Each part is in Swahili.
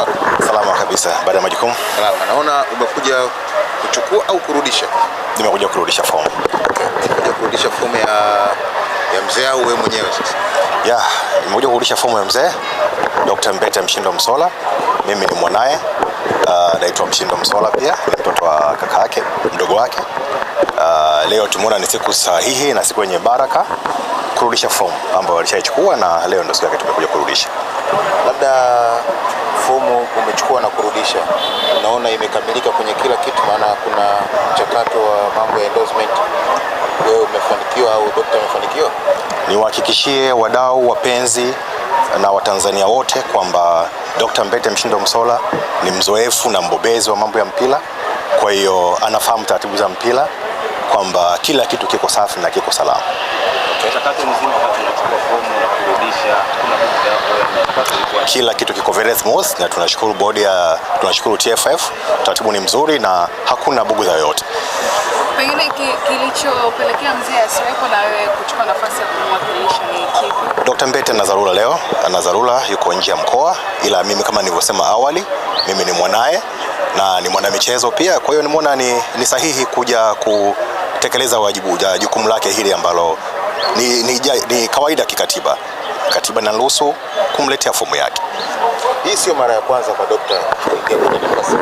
yako? Salama kabisa, baada ya majukumu. Naona umekuja kuchukua au kurudisha? Nimekuja kurudisha fomu. Nimekuja kurudisha fomu ya ya mzee au wewe mwenyewe sasa? Yeah, nimekuja kurudisha fomu ya mzee Dr. Mbete Mshindo Msola. Mimi ni mwanaye uh, naitwa Mshindo Msola pia ni mtoto wa kaka yake mdogo wake. Uh, leo tumeona ni siku sahihi na siku yenye baraka kurudisha fomu ambayo alishaichukua na leo ndio siku yake tumekuja kurudisha labda fomu umechukua na kurudisha, unaona imekamilika kwenye kila kitu, maana kuna mchakato wa mambo ya endorsement. Wewe umefanikiwa au dokta amefanikiwa? Niwahakikishie wadau, wapenzi na Watanzania wote kwamba Dr. Mbete Mshindo Msola ni mzoefu na mbobezi wa mambo ya mpira, kwa hiyo anafahamu taratibu za mpira kwamba kila kitu kiko safi na kiko salama. Okay kila kitu kiko very smooth na tunashukuru bodi ya tunashukuru TFF, taratibu ni mzuri na hakuna buguza yoyote. Pengine kilichopelekea mzee asiwepo na wewe kuchukua nafasi ya kumwakilisha ni kipi? Dr. Mbete ana dharura leo, ana dharura, yuko nje ya mkoa, ila mimi kama nilivyosema awali, mimi ni mwanaye na ni mwanamichezo pia, kwa hiyo nimeona ni, ni sahihi kuja kutekeleza wajibu jukumu lake hili ambalo ni, ni, ni kawaida kikatiba. Katiba inaruhusu kumletea fomu yake. Hii sio mara ya kwanza kwa Dokta kuingia kwenye nafasi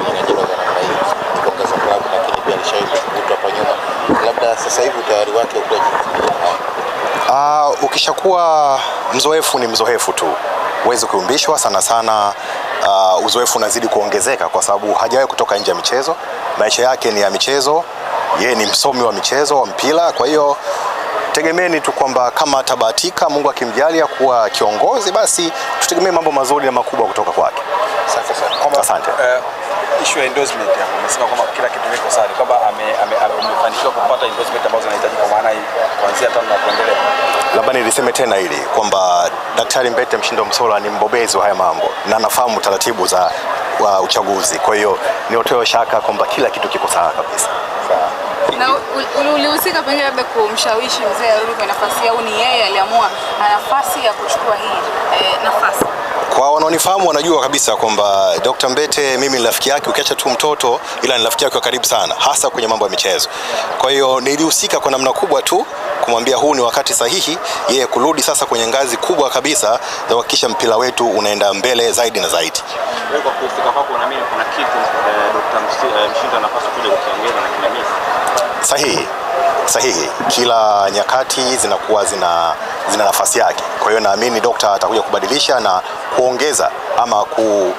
labda sasa hivi utayari wake uh, ukishakuwa mzoefu ni mzoefu tu, huwezi kuumbishwa sana sana. Uh, uzoefu unazidi kuongezeka kwa sababu hajawahi kutoka nje ya michezo. Maisha yake ni ya michezo, yeye ni msomi wa michezo wa mpira, kwa hiyo tegemeni tu kwamba kama atabahatika Mungu akimjalia kuwa kiongozi, basi tutegemee mambo mazuri na makubwa kutoka kwake. Asante sana. Asante. Eh, issue ya endorsement ya umesema kwamba kila kitu kiko sawa, kwamba amefanikiwa kupata endorsement ambazo anahitaji kwa maana hii kuanzia tano na kuendelea. Labda niliseme tena hili kwamba Daktari Mbete Mshindo Msola ni mbobezi wa haya mambo na anafahamu taratibu za wa uchaguzi. Kwa hiyo niotoe shaka kwamba kila kitu kiko sawa kabisa. Na ulihusika pengine labda kumshawishi mzee arudi kwa nafasi au ni yeye aliamua nafasi ya kuchukua hii e, nafasi? Kwa wanaonifahamu wanajua kabisa kwamba Dr. Mbete mimi ni rafiki yake, ukiacha tu mtoto, ila ni rafiki yake wa karibu sana, hasa kwenye mambo ya michezo. Kwa hiyo nilihusika kwa namna kubwa tu kumwambia huu ni wakati sahihi yeye kurudi sasa kwenye ngazi kubwa kabisa za kuhakikisha mpira wetu unaenda mbele zaidi na zaidi. Kwa kuhusika kwako, unaamini kuna kitu eh, Dr. Eh, Mshinda anapaswa sahihi. Kila nyakati zinakuwa zina, zina nafasi yake. Kwa hiyo naamini Dokta atakuja kubadilisha na kuongeza ama ku